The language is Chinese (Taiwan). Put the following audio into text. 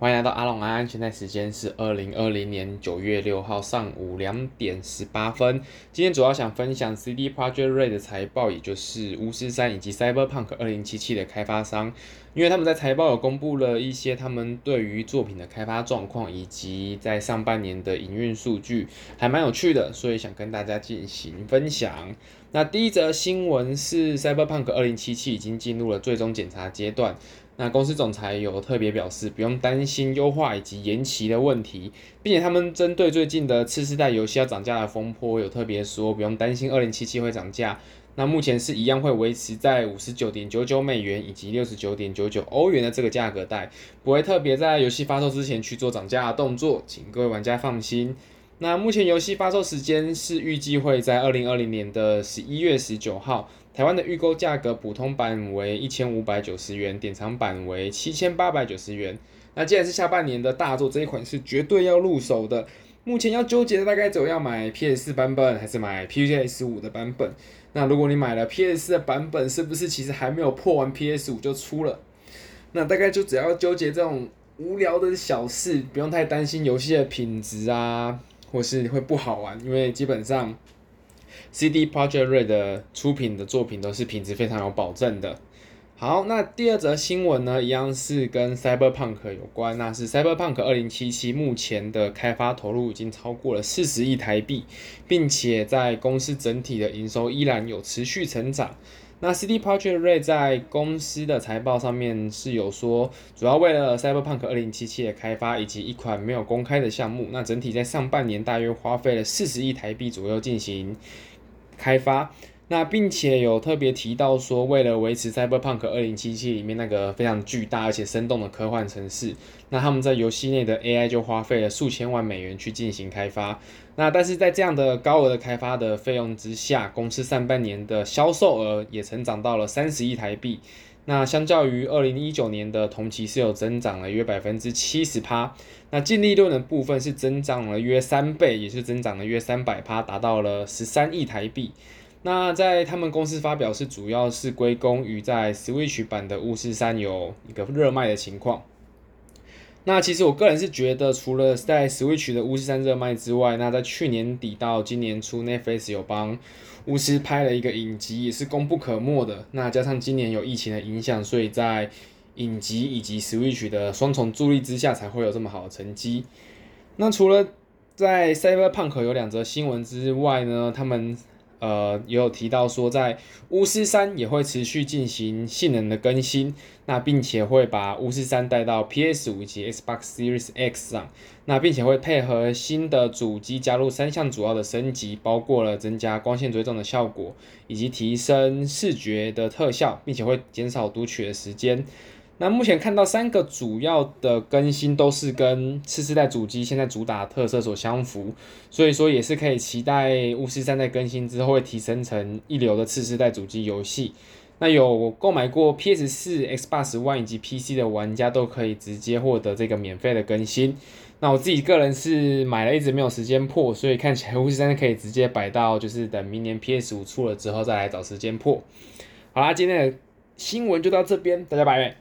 歡迎來到阿龍安安，現在時間是二零二零年九月六號上午兩點十八分。今天主要想分享 CD Projekt RED 的財報，也就是巫師三以及 Cyberpunk 二零七七的開發商，因為他們在財報有公佈了一些他們對於作品的開發狀況，以及在上半年的營運數據，還蠻有趣的，所以想跟大家進行分享。那第一則新聞是 Cyberpunk 二零七七已經進入了最終檢查階段。那公司總裁有特別表示，不用擔心優化以及延期的問題，並且他們針對最近的次世代遊戲要漲價的風波，有特別說不用擔心二零七七會漲價。那目前是一樣會維持在五十九點九九美元以及六十九點九九歐元的這個價格帶，不會特別在遊戲發售之前去做漲價的動作，請各位玩家放心。那目前遊戲發售時間是預計會在二零二零年的十一月十九號。台灣的預購價格，普通版為一千五百九十元，典藏版為七千八百九十元。那既然是下半年的大作，這一款是絕對要入手的。目前要糾結的大概只有要買 PS 4版本還是買 PS 五的版本？那如果你買了 PS 四的版本，是不是其實還沒有破完 PS 五就出了？那大概就只要糾結這種無聊的小事，不用太擔心遊戲的品質啊。或是會不好玩，因為基本上 CD Projekt Red 的出品的作品都是品質非常有保證的。好，那第二則新聞呢，一樣是跟 Cyberpunk 有關，那是 Cyberpunk 2077目前的開發投入已經超過了四十億台幣，並且在公司整體的營收依然有持續成長。那 CD Projekt Red 在公司的財報上面是有說，主要為了 Cyberpunk 二零七七的開發以及一款沒有公開的項目，那整體在上半年大約花費了四十億台幣左右進行開發。那並且有特別提到說，為了維持《Cyberpunk 2077》裡面那個非常巨大而且生動的科幻城市，那他們在遊戲內的 AI 就花費了數千萬美元去進行開發。那但是在這樣的高額的開發的費用之下，公司上半年的銷售額也成長到了三十億台幣。那相較於二零一九年的同期是有增長了約百分之七十趴。那淨利潤的部分是增長了約三倍，也是增長了約三百趴，達到了十三億台幣。那在他們公司發表是，主要是歸功於在 Switch 版的巫師三有一個熱賣的情況。那其實我個人是覺得，除了在 Switch 的巫師三熱賣之外，那在去年底到今年初，Netflix 有幫巫師拍了一個影集，也是功不可沒的。那加上今年有疫情的影響，所以在影集以及 Switch 的雙重助力之下，才會有這麼好的成績。那除了在 Cyberpunk 有兩則新聞之外呢，他們。呃，也有提到說，在巫師三也會持續進行性能的更新，那並且會把巫師三帶到 PS5 以及 Xbox Series X 上，那並且會配合新的主機加入三項主要的升級，包括了增加光線追蹤的效果，以及提升視覺的特效，並且會減少讀取的時間。那目前看到三個主要的更新都是跟次世代主機現在主打特色所相符，所以說也是可以期待《巫師三》在更新之後會提升成一流的次世代主機遊戲。那有購買過 PS 四、Xbox One 以及 PC 的玩家都可以直接獲得這個免費的更新。那我自己個人是買了，一直沒有時間破，所以看起來《巫師三》可以直接擺到就是等明年 PS 五出了之後再來找時間破。好啦，今天的新聞就到這邊，大家拜拜。